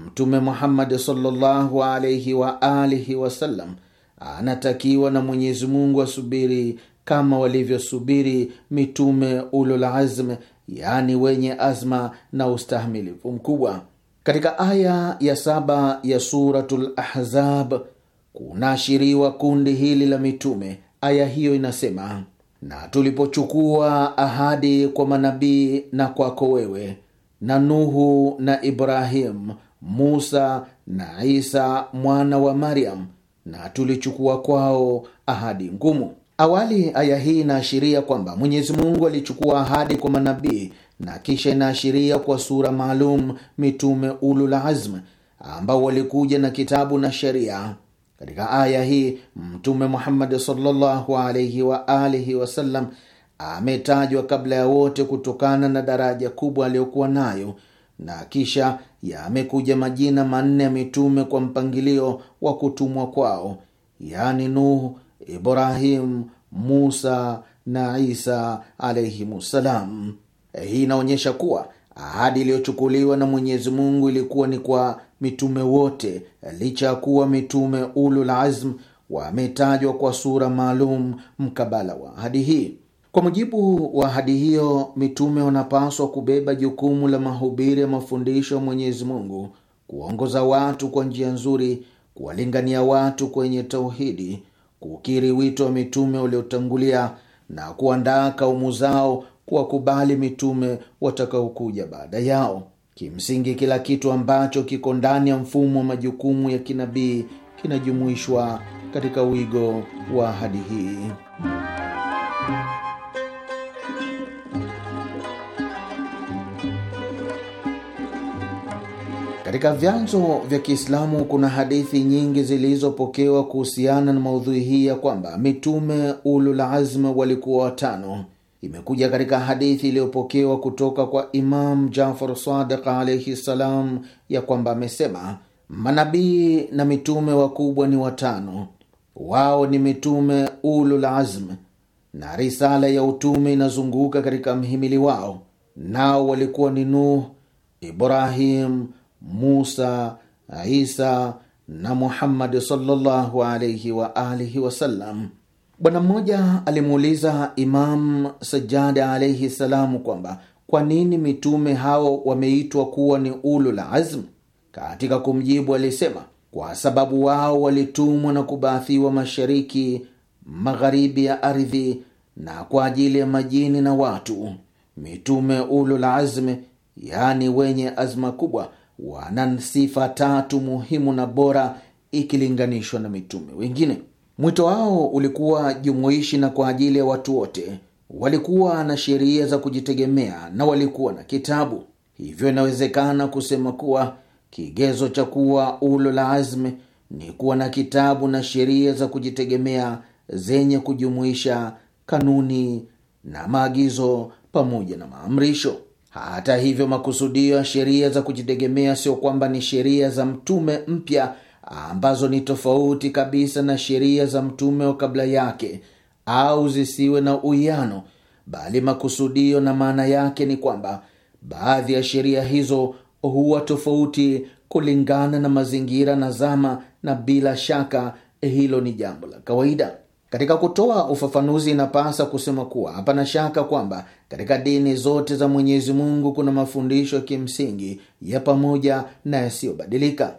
Mtume Muhammad sallallahu alaihi wa alihi wasallam anatakiwa na Mwenyezi Mungu asubiri kama walivyosubiri mitume ulul azm yaani wenye azma na ustahimilivu mkubwa. Katika aya ya saba ya Suratul Ahzab kunaashiriwa kundi hili la mitume. Aya hiyo inasema, na tulipochukua ahadi kwa manabii na kwako wewe na Nuhu na Ibrahimu, Musa na Isa mwana wa Maryam, na tulichukua kwao ahadi ngumu Awali aya hii inaashiria kwamba Mwenyezi Mungu alichukua ahadi kwa manabii na kisha inaashiria kwa sura maalum mitume ulul azm ambao walikuja na kitabu na sheria. Katika aya hii Mtume Muhammad sallallahu alaihi wa alihi wasallam ametajwa kabla ya wote kutokana na daraja kubwa aliyokuwa nayo, na kisha yamekuja majina manne ya mitume kwa mpangilio wa kutumwa kwao, yaani Nuhu, Ibrahim, Musa na Isa alaihimussalam. Eh, hii inaonyesha kuwa ahadi iliyochukuliwa na Mwenyezi Mungu ilikuwa ni kwa mitume wote, licha ya kuwa mitume ulul azm wametajwa kwa sura maalum mkabala wa ahadi hii. Kwa mujibu wa ahadi hiyo, mitume wanapaswa kubeba jukumu la mahubiri ya mafundisho ya Mwenyezi Mungu, kuwaongoza watu kwa njia nzuri, kuwalingania watu kwenye tauhidi kukiri wito wa mitume waliotangulia na kuandaa kaumu zao kuwakubali mitume watakaokuja baada yao. Kimsingi, kila kitu ambacho kiko ndani ya mfumo wa majukumu ya kinabii kinajumuishwa katika wigo wa ahadi hii. Katika vyanzo vya Kiislamu kuna hadithi nyingi zilizopokewa kuhusiana na maudhui hii ya kwamba mitume ulul azm walikuwa watano. Imekuja katika hadithi iliyopokewa kutoka kwa Imam Jafar Sadiq alaihi ssalam ya kwamba amesema, manabii na mitume wakubwa ni watano, wao ni mitume ulul azm, na risala ya utume inazunguka katika mhimili wao, nao walikuwa ni Nuh, Ibrahim Musa, Isa na Muhammadi sallallahu alaihi wa alihi wasallam. Bwana mmoja alimuuliza Imam Sajada alaihi salamu kwamba kwa nini mitume hao wameitwa kuwa ni ulul azm. Katika kumjibu alisema kwa sababu wao walitumwa na kubaathiwa mashariki, magharibi ya ardhi na kwa ajili ya majini na watu. Mitume ulul azm, yaani wenye azma kubwa wana sifa tatu muhimu na bora ikilinganishwa na mitume wengine. Mwito wao ulikuwa jumuishi na kwa ajili ya watu wote, walikuwa na sheria za kujitegemea na walikuwa na kitabu. Hivyo inawezekana kusema kuwa kigezo cha kuwa ulo la azmi ni kuwa na kitabu na sheria za kujitegemea zenye kujumuisha kanuni na maagizo pamoja na maamrisho. Hata hivyo, makusudio ya sheria za kujitegemea sio kwamba ni sheria za mtume mpya ambazo ni tofauti kabisa na sheria za mtume wa kabla yake au zisiwe na uwiano, bali makusudio na maana yake ni kwamba baadhi ya sheria hizo huwa tofauti kulingana na mazingira na zama, na bila shaka hilo ni jambo la kawaida. Katika kutoa ufafanuzi, inapasa kusema kuwa hapana shaka kwamba katika dini zote za Mwenyezi Mungu kuna mafundisho ya kimsingi ya pamoja na yasiyobadilika.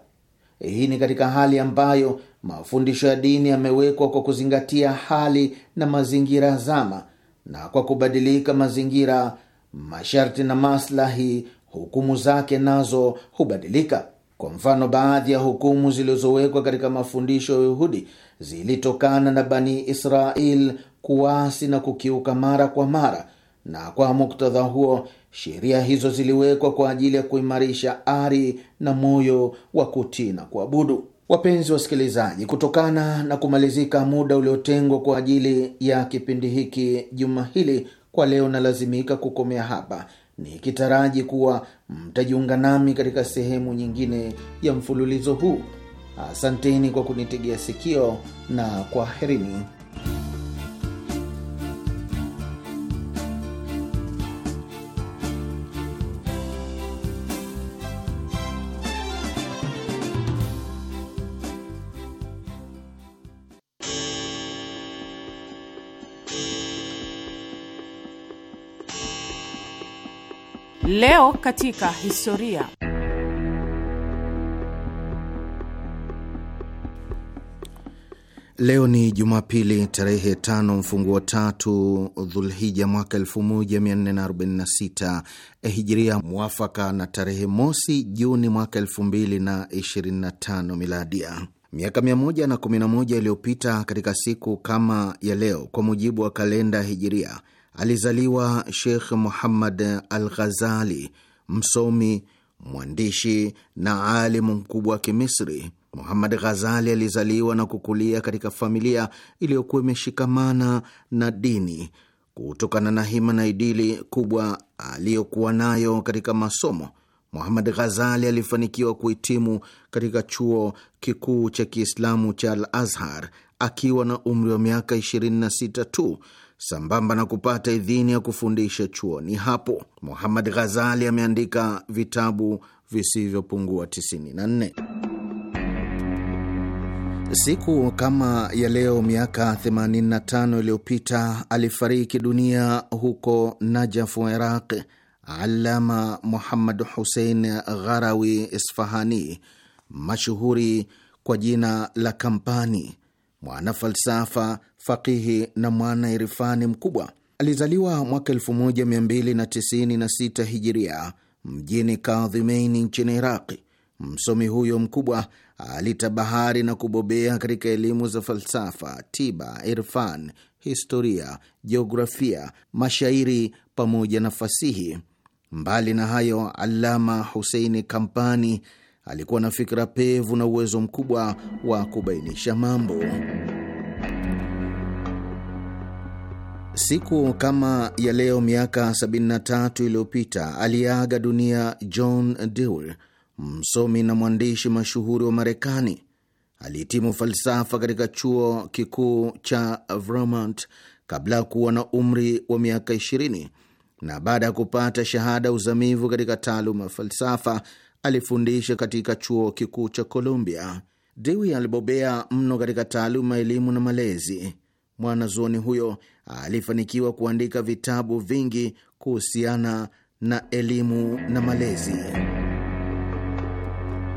Hii ni katika hali ambayo mafundisho ya dini yamewekwa kwa kuzingatia hali na mazingira zama, na kwa kubadilika mazingira, masharti na maslahi, hukumu zake nazo hubadilika. Kwa mfano, baadhi ya hukumu zilizowekwa katika mafundisho ya Uyahudi zilitokana na Bani Israel kuasi na kukiuka mara kwa mara, na kwa muktadha huo sheria hizo ziliwekwa kwa ajili ya kuimarisha ari na moyo wa kutii na kuabudu. Wapenzi wasikilizaji, kutokana na kumalizika muda uliotengwa kwa ajili ya kipindi hiki juma hili, kwa leo nalazimika kukomea hapa nikitaraji kuwa mtajiunga nami katika sehemu nyingine ya mfululizo huu. Asanteni kwa kunitegea sikio na kwaherini. Leo katika historia. Leo ni Jumapili tarehe tano mfunguo tatu Dhulhija mwaka 1446 eh, hijiria mwafaka na tarehe mosi Juni mwaka 2025 miladia. Miaka 111 iliyopita katika siku kama ya leo, kwa mujibu wa kalenda hijiria alizaliwa Sheikh Muhammad al Ghazali, msomi, mwandishi na alimu mkubwa wa Kimisri. Muhammad Ghazali alizaliwa na kukulia katika familia iliyokuwa imeshikamana na dini kutokana na hima na idili kubwa aliyokuwa nayo katika masomo. Muhammad Ghazali alifanikiwa kuhitimu katika chuo kikuu cha Kiislamu cha Al Azhar akiwa na umri wa miaka 26 tu sambamba na kupata idhini ya kufundisha chuoni hapo. Muhammad Ghazali ameandika vitabu visivyopungua 94. Siku kama ya leo miaka 85 iliyopita alifariki dunia huko Najaf wa Iraq Alama Muhammad Husein Gharawi Isfahani, mashuhuri kwa jina la Kampani, mwana falsafa fakihi na mwana irifani mkubwa. Alizaliwa mwaka 1296 hijiria mjini Kadhimeini nchini Iraqi. Msomi huyo mkubwa alitabahari na kubobea katika elimu za falsafa, tiba, irfan, historia, jiografia, mashairi pamoja na fasihi. Mbali na hayo, Alama Huseini Kampani alikuwa na fikra pevu na uwezo mkubwa wa kubainisha mambo. Siku kama ya leo miaka 73 iliyopita aliaga dunia John Dewey, msomi na mwandishi mashuhuri wa Marekani. Alihitimu falsafa katika chuo kikuu cha Vermont kabla ya kuwa na umri wa miaka 20, na baada ya kupata shahada uzamivu katika taaluma ya falsafa alifundisha katika chuo kikuu cha Columbia. Dewey alibobea mno katika taaluma ya elimu na malezi. Mwanazuoni huyo alifanikiwa kuandika vitabu vingi kuhusiana na elimu na malezi.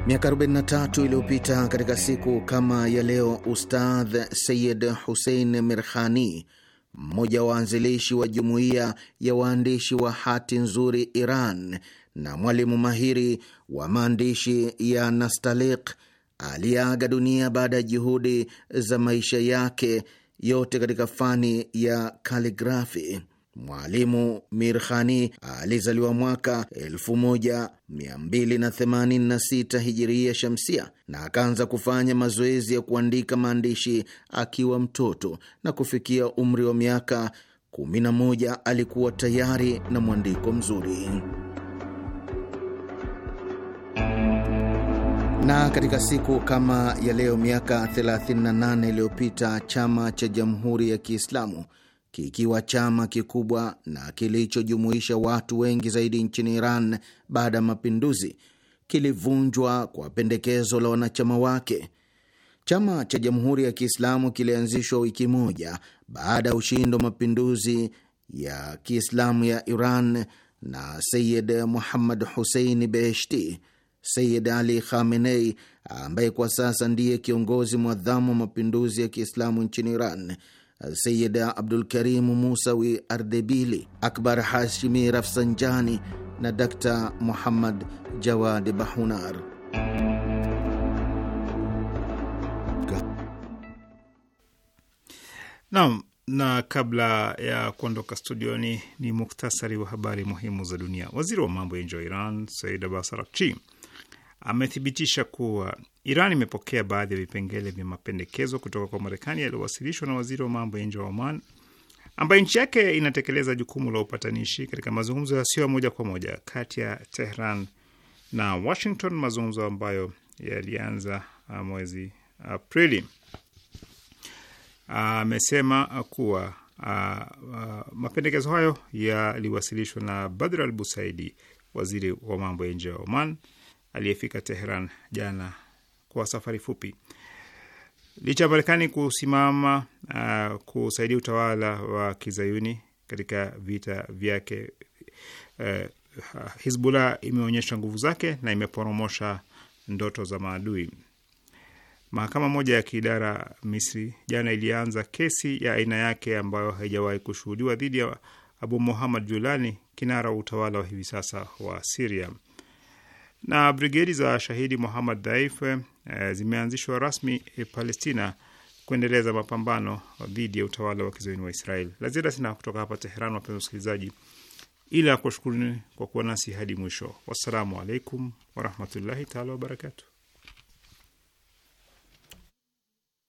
Miaka 43 iliyopita katika siku kama ya leo, Ustadh Sayid Husein Mirkhani, mmoja wa waanzilishi wa jumuiya ya waandishi wa hati nzuri Iran na mwalimu mahiri wa maandishi ya Nastaliq aliyeaga dunia baada ya juhudi za maisha yake yote katika fani ya kaligrafi. Mwalimu Mirkhani alizaliwa mwaka 1286 hijiria shamsia na akaanza kufanya mazoezi ya kuandika maandishi akiwa mtoto na kufikia umri wa miaka 11 alikuwa tayari na mwandiko mzuri. Na katika siku kama ya leo miaka 38 iliyopita chama cha Jamhuri ya Kiislamu kikiwa chama kikubwa na kilichojumuisha watu wengi zaidi nchini Iran baada ya mapinduzi kilivunjwa kwa pendekezo la wanachama wake. Chama cha Jamhuri ya Kiislamu kilianzishwa wiki moja baada ya ushindi wa mapinduzi ya Kiislamu ya Iran na Sayid Muhammad Husein Beheshti Sayid Ali Khamenei, ambaye kwa sasa ndiye kiongozi mwadhamu wa mapinduzi ya Kiislamu nchini Iran, Sayid Abdul Karimu Musawi Ardebili, Akbar Hashimi Rafsanjani na Dr Muhammad Jawad Bahunar. Naam, na kabla ya kuondoka studioni ni, muktasari wa habari muhimu za dunia. Waziri wa mambo ya nje wa Iran Said Abbas amethibitisha kuwa Iran imepokea baadhi ya vipengele vya mapendekezo kutoka kwa Marekani yaliyowasilishwa na waziri wa mambo ya nje wa Oman, ambayo nchi yake inatekeleza jukumu la upatanishi katika mazungumzo yasiyo moja kwa moja kati ya Tehran na Washington, mazungumzo ambayo yalianza uh, mwezi Aprili. Amesema kuwa uh, uh, mapendekezo hayo yaliwasilishwa na Badr al Busaidi, waziri wa mambo ya nje wa Oman, aliyefika Teheran jana kwa safari fupi. Licha ya Marekani kusimama uh, kusaidia utawala wa kizayuni katika vita vyake uh, Hizbullah imeonyesha nguvu zake na imeporomosha ndoto za maadui. Mahakama moja ya kiidara Misri jana ilianza kesi ya aina yake ambayo haijawahi kushuhudiwa dhidi ya Abu Muhammad Julani, kinara wa utawala wa hivi sasa wa Siria na brigedi za shahidi Muhammad Dhaif eh, zimeanzishwa rasmi eh, Palestina kuendeleza mapambano dhidi ya utawala wa kizoeni wa Israeli. La ziada sina kutoka hapa Teheran, wapenzi wasikilizaji, ila kuwashukuruni kwa kuwa nasi hadi mwisho. Wassalamu alaikum warahmatullahi taala wabarakatu.